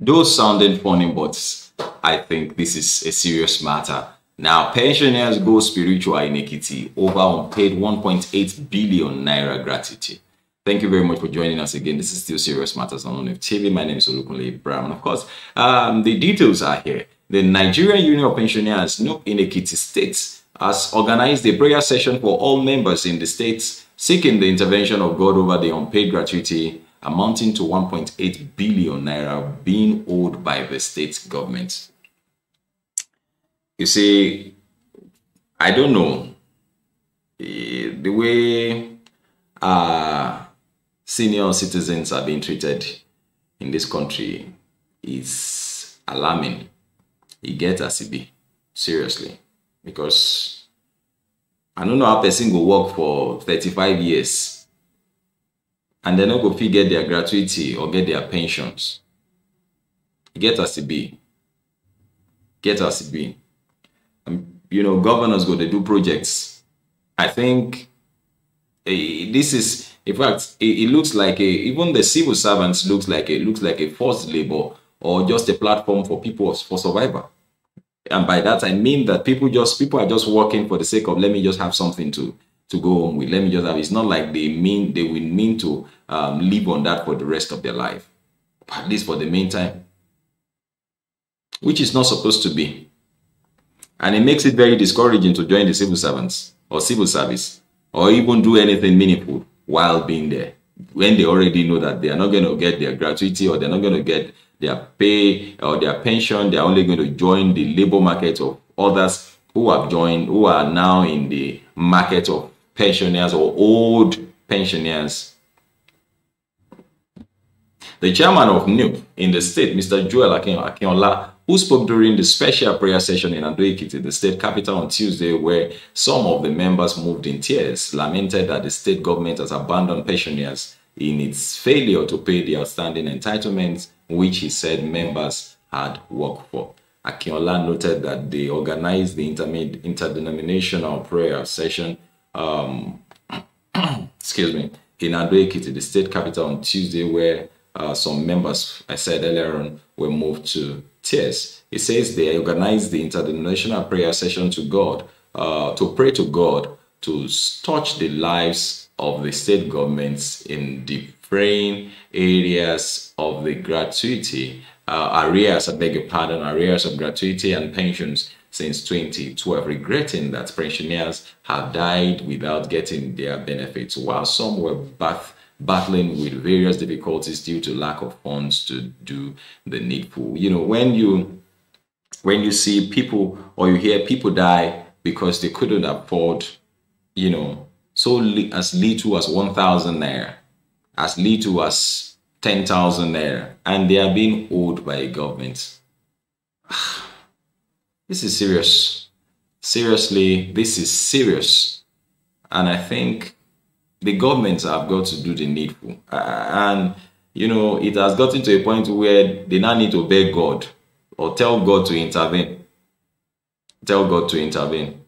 Those sounded funny, but I think this is a serious matter. Now, pensioners go spiritual iniquity over unpaid 1.8 billion naira gratuity. Thank you very much for joining us again. This is still Serious Matters on ONF TV. My name is Olukunle Brown. And of course, um, the details are here. The Nigerian Union of Pensioners, NUP in Ekiti has organized a prayer session for all members in the states, seeking the intervention of God over the unpaid gratuity amounting to 1.8 billion naira being owed by the state government. You see, I don't know eh, the way uh, senior citizens are being treated in this country is alarming. You get as it be, seriously, because I don't know how person will work for 35 years and they not going to get their gratuity or get their pensions. Get as it be. Get as it be. Um, you know, governors go, to do projects. I think uh, this is, in fact, it, it looks like a, even the civil servants looks like a, looks like a forced labor or just a platform for people for survival. And by that, I mean that people just, people are just working for the sake of, let me just have something to, to go home with. Let me just have. It's not like they mean they will mean to um, live on that for the rest of their life, at least for the meantime, which is not supposed to be. And it makes it very discouraging to join the civil servants or civil service or even do anything meaningful while being there when they already know that they are not going to get their gratuity or they're not going to get their pay or their pension. They're only going to join the labor market of others who have joined, who are now in the market of pensioners or old pensioners. The chairman of NUP in the state, Mr. Joel Akinola, who spoke during the special prayer session in Anduikiti, the state capital, on Tuesday, where some of the members moved in tears, lamented that the state government has abandoned pensioners in its failure to pay the outstanding entitlements which he said members had worked for. Akinola noted that they organized the interdenominational prayer session um, excuse me, in Abuja, the state capital, on Tuesday, where uh, some members, I said earlier on, were moved to tears. It says they organized the interdenominational prayer session to God, uh, to pray to God to touch the lives of the state governments in different areas of the gratuity, uh, areas, I beg your pardon, areas of gratuity and pensions since 2012, regretting that pensioners have died without getting their benefits, while some were bath battling with various difficulties due to lack of funds to do the needful. You know, when you when you see people or you hear people die because they couldn't afford, you know, so li as little as 1,000 naira, as little as 10,000 naira, and they are being owed by a government this is serious. Seriously, this is serious. And I think the governments have got to do the needful. and, you know, it has gotten to a point where they now need to beg God or tell God to intervene. Tell God to intervene.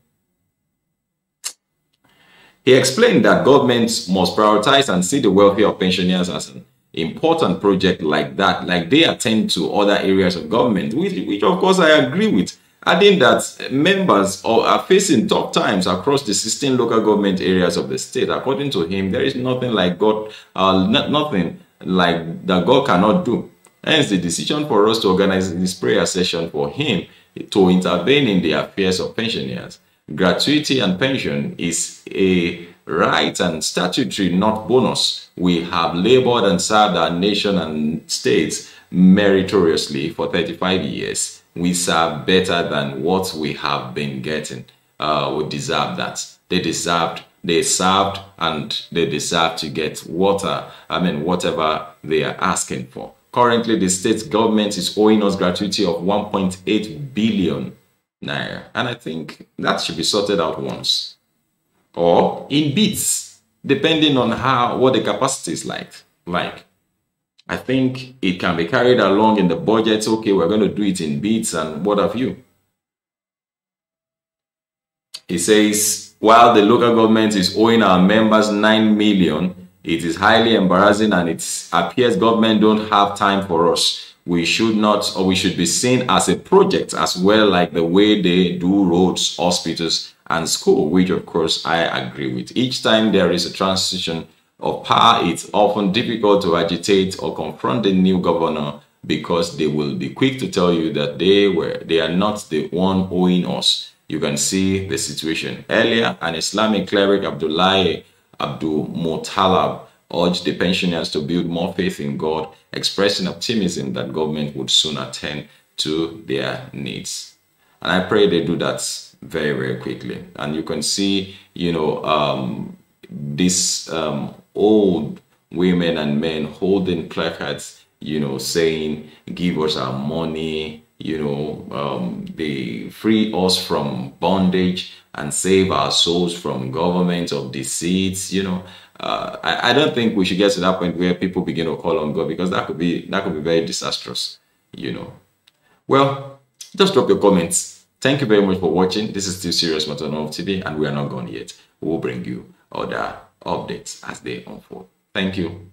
He explained that governments must prioritize and see the welfare of pensioners as an important project like that, like they attend to other areas of government, which, which of course I agree with adding that members are facing tough times across the 16 local government areas of the state. According to him, there is nothing like God, uh, not, nothing like that God cannot do. Hence, the decision for us to organize this prayer session for him to intervene in the affairs of pensioners. Gratuity and pension is a right and statutory, not bonus. We have labored and served our nation and states meritoriously for 35 years, we serve better than what we have been getting. Uh, we deserve that. They deserved, they served, and they deserve to get water. I mean, whatever they are asking for. Currently, the state government is owing us gratuity of 1.8 billion naira, and I think that should be sorted out once, or in bits, depending on how what the capacity is like. Like I think it can be carried along in the budget. Okay, we're going to do it in bits and what have you. He says, while the local government is owing our members 9 million, it is highly embarrassing and it appears government don't have time for us. We should not or we should be seen as a project as well like the way they do roads, hospitals and school, which of course I agree with. Each time there is a transition, of power, it's often difficult to agitate or confront the new governor because they will be quick to tell you that they were they are not the one owing us. You can see the situation. Earlier, an Islamic cleric, Abdullah Abdul Motalab, urged the pensioners to build more faith in God, expressing optimism that government would soon attend to their needs. And I pray they do that very, very quickly. And you can see, you know, um, these um, old women and men holding placards, you know, saying, give us our money, you know, um, they free us from bondage and save our souls from governments of deceits, you know. Uh, I, I don't think we should get to that point where people begin to call on God because that could be that could be very disastrous, you know. Well, just drop your comments. Thank you very much for watching. This is still Serious Matter on TV, and we are not gone yet. We will bring you other updates as they unfold. Thank you.